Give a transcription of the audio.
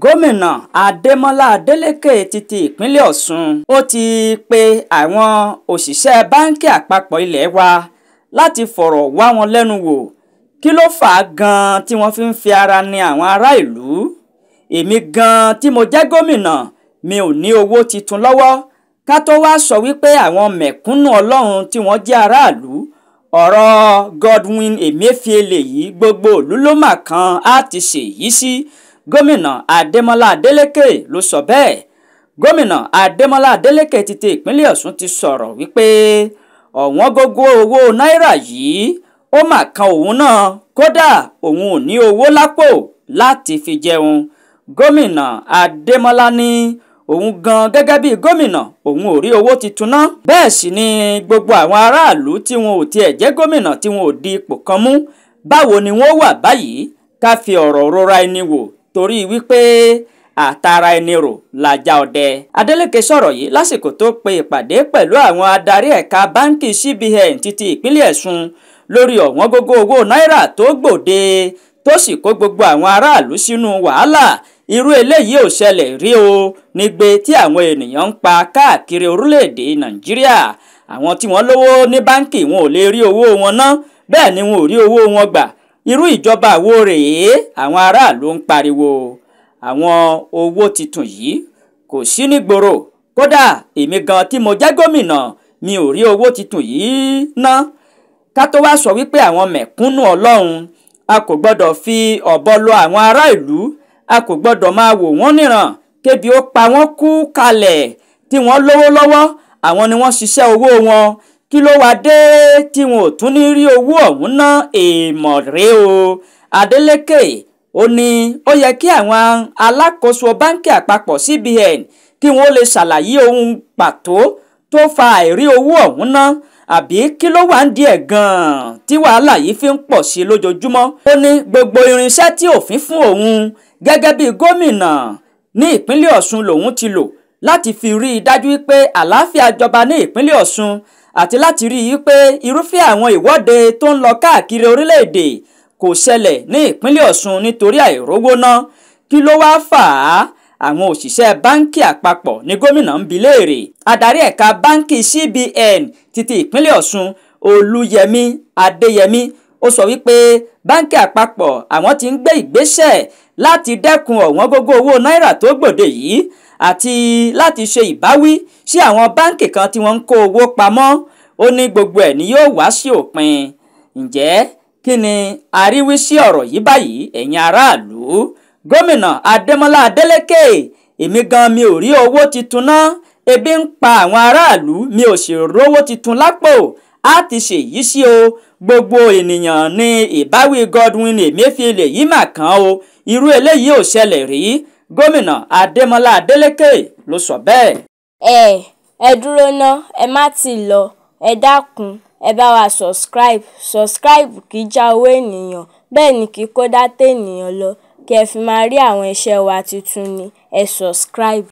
gómìnà adémọlá adélékè ti ti ìpínlẹ̀ ọ̀ṣun ó ti pe àwọn òṣìṣẹ́ báńkì àpapọ̀ ilé wa láti fọ̀rọ̀ wá wọn lẹ́nu wò kí ló fà á gan-an tí wọ́n fi ń fi ara ni àwọn ará ìlú èmi gan-an tí mo jẹ́ gómìnà mi ò ní owó titun lọ́wọ́ ká tó wá sọ wípé àwọn mẹ̀kúnnù ọlọ́run tí wọ́n jẹ́ aráàlú ọ̀rọ̀ Godwin Emefiele yìí gbogbo ìlú ló mà kan á ti ṣèyí sí. Si gómìnà adémọlá adélékè ló sọ bẹ́ẹ̀ gómìnà adémọlá adélékè ti ti ìpínlẹ̀ ọ̀ṣun ti sọ̀rọ̀ wípé ọ̀wọ́n gógó owó náírà yìí ó mà kan òun náà kódà òun ò ní owó lápò láti fi jẹun gómìnà adémọlá ní òun gan gẹ́gẹ́ bíi gómìnà òun ò rí owó titun ná. bẹ́ẹ̀ sì ni gbogbo àwọn aráàlú tí wọn ò tiẹ̀ jẹ́ gómìnà tí wọn ò di ipò kan mú báwo ni wọ́n wà báyìí ká fi ọ̀rọ̀ rora ẹni wò torí wípé àtara ẹni rò làjà ọdẹ. Adeleke sọ̀rọ̀ yìí lásìkò tó pe ìpàdé pẹ̀lú àwọn adarí ẹ̀ka báńkì CBN títí ìpínlẹ̀ Ẹ̀sùn lórí ọ̀wọ́n gógó owó náírà tó gbòde tó sì kó gbogbo àwọn aráàlú sínú wàhálà irú eléyìí ò ṣẹlẹ̀ rí o nígbè tí àwọn ènìyàn ń pa káàkiri orílẹ̀-èdè Nàìjíríà àwọn tí wọ́n lówó ní báńkì wọn ò lè rí owó wọn ná bẹ́ẹ̀ ni wọn ò rí owó wọn gbà irú ìjọba àwo rèé àwọn aráàlú ń pariwo àwọn owó titun yìí kò sí nígboro kódà èmi gan tí mo jẹ́ gómìnà mi ò rí owó titun yìí ná ká tó wá sọ wípé àwọn mẹ̀kúnnù ọlọ́run a kò gbọ́dọ̀ fi ọ̀bọ lọ àwọn ará ìlú a kò gbọ́dọ̀ máa wò wọ́n níran kébi ó pa wọ́n kú kalẹ̀ tí wọ́n lówó lọ́wọ́ àwọn ni wọ́n ṣiṣẹ́ owó wọn kí ló wáá dé tí wọn ò tún ní rí owó ọ̀hún ná èèmọ̀ rèé o Adeleke ó ní ó yẹ kí àwọn alákòóso báńkì àpapọ̀ CBN kí wọ́n lè ṣàlàyé ohun pàtó tó fa àìrí owó ọ̀hún ná àbí kí ló wà ń díẹ̀ gan-an tí wàhálà yìí fi ń pọ̀ sí i lójoojúmọ́. ó ní gbogbo irinṣẹ́ tí òfin fún òun gẹ́gẹ́ bí gómìnà ní ìpínlẹ̀ Ọ̀ṣun lòun ti lò láti fi rí i dájú pé àlàáfíà jọba ní ìpínlẹ̀ Ọ̀ṣun àti láti rí i pé irúfẹ́ àwọn ìwọ́de tó ń lọ káàkiri orílẹ̀-èdè kò ṣẹlẹ̀ ní ìpínlẹ̀ Ọ̀ṣun nítorí àìrówó kí ló wáá fà á àwọn òṣìṣẹ́ báǹkì àpapọ̀ ní gómìnà ń bi léèrè adarí ẹ̀ka báǹkì CBN títí ìpínlẹ̀ Ọ̀ṣun Olúyẹmí Adéyẹmí ó sọ wípé báǹkì àpapọ̀ àwọn ti ń gbé ìgbésẹ̀ láti dẹ́kun ọ̀wọ́n gógó owó náírà tó gbòde yìí àti láti ṣe ìbáwí sí àwọn báǹkì kan tí wọ́n ń kó owó pamọ́ ó ní gbogbo ẹ̀ ni yóò wá sí òpin ǹjẹ́ kí ni àríwísí ọ̀rọ̀ yìí báyìí ẹ̀yin aráàlú gómìnà adémọlá adélékè èmi gan mi ò rí owó titun ná ebi ń pa àwọn aráàlú mi ò sì rówó titun lápò á ti ṣèyí sí o gbogbo ènìyàn ni ìbáwí Godwin Emefiele yìí mà kàn o irú eléyìí ò ṣẹlẹ̀ rí gómìnà adémọlá adélékè ló sọ bẹ́ẹ̀. ẹ ẹ dúró ná ẹ má ti lọ ẹ dákun ẹ bá wa subscribe subscribe kì í já owó ènìyàn bẹ́ẹ̀ ni kì í kó dátà ènìyàn lọ kí ẹ fi máa rí àwọn iṣẹ́ wa tuntun ní ẹ subscribe.